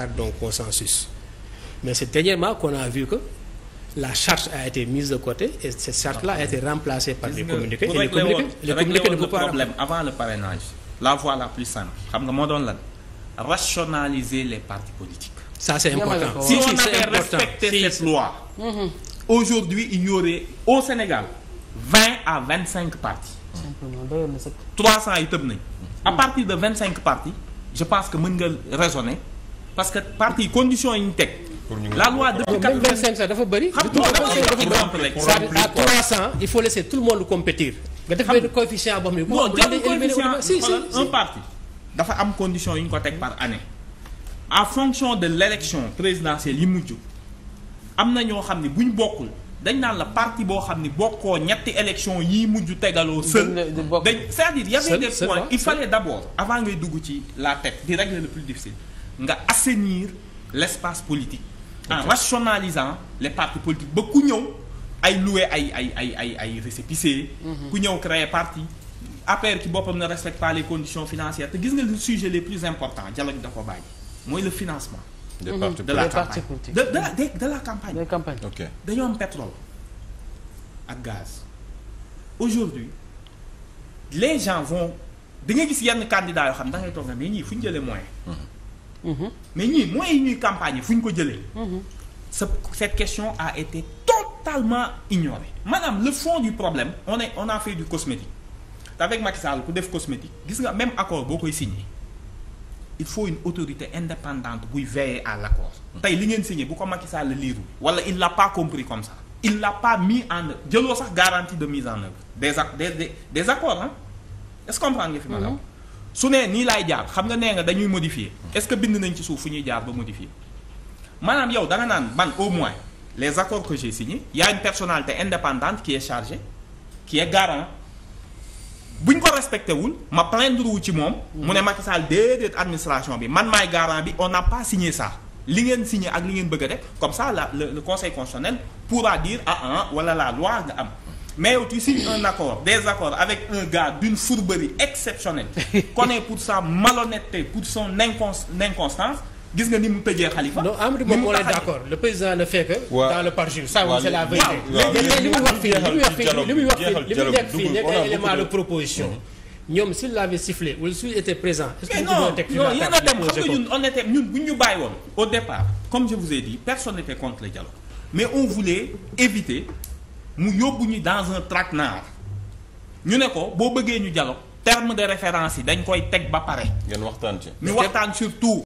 par d'un consensus mais c'est dernièrement qu'on a vu que la charte a été mise de côté et cette charte-là a été remplacée par des communiqués et les communiqués les problème avant le parrainage la voie la plus simple xam nga moo doon lan rationaliser les partis politiques c'est important si on avait mm-hmm. aujourd'hui il au Sénégal vingt à vingt cinq partis trois cents yi tëb nañ à mm. partir de vingt cinq partis je pense que mën nga raisonner parce que parti condition yi ñu teg. la loi depuis 85 sax dafa bëri. xam nga à 300 il faut laisser tout le monde compétir. nga def am condition yi ñu ko teg par année. en fonction de l' élection présidentielle yi mujj am na ñoo xam ne buñ bokkul dañ naan la parti boo xam ne bokkoo ñetti élection yii mujj tegaloo. seul dañ c' est à dire y' avait des il fallait d' abord avant ngay dugg ci la tête di rek le plus difficile. nga assainir l'espace politique en rationalisant les partis politiques ba ku ñëw ay loué ay ay ay ay ay récépissé mhm. ku ñëw créer parti APR ci boppam ne respecte pas les conditions te gis nga le sujet les plus importants dialogue da ko bàyyi mooy le financement des mhm. partis de la campagne de de de la campagne ok dañoo am pétrole ak gaz aujourd'hui les gens vont da nga gis yenn candidats yoo xam da ngay toog na mais ñii fu ñu jëlee moyen mhm. Mm-hmm. mais ñuy mooy yi ñuy campagne fu ñu ko jëlee. sa mm-hmm. cette question a été totalement ignorée maanaam le fond du problème on est on a fait du cosmétique te avec Macky Sall ku def cosmétique gis nga même accord boo koy signé il faut une autorité indépendante buy veiller à l' accord. tey li ngeen signé bu ko Macky Sall liiru wala il l'a pas compris comme ça. il l'a pas mis en jëloo sax garantie de mise en œuvre des des des accords ah est-ce nga fi ma la mm-hmm. su nee nii laay jaar xam nga nee nga dañuy modifier est-ce que bind nañ ci suuf fu ñuy jaar ba modifier maanaam yow da nga naan man au moins les accords que j'ai signés y a indépendante qui est chargée qui est garant bu ko respecté wul ma plaindre wu ci moom. mu ne Macky Sall déedéet administration bi man maay garant bi on n'a pas signé ça. li ngeen signé ak li ngeen bëgg a def comme ça la le conseil constitutionnel pourra dire ah ah wala la loi nga am. mais yow tu signes un accord des accords avec un gars d'une fourberie exceptionnelle connu pour sa malhonnêteté pour son inconstance gis nga ni mu tëjee Khalifa. non Amadou Ba moo leen d' accord le président ne fait que. dans le parjure ça oui c'est la vérité. li muy wax fii li muy wax fii li muy nekk fii nekk ay élément de proposition. ñoom s'il l'avait sifflé wala s'il était présent. est-ce que non non yéen a dem xam nga ñun on était ñun bu ñu bàyyi woon. au départ comme je vous ai dit personne n'était contre le dialogue mu yóbbu ñu dans un traquenard ñu ne ko boo bëggee ñu jaloo terme de référence yi dañ koy teg ba pare. ngeen waxtaan ci ñu waxtaan surtout.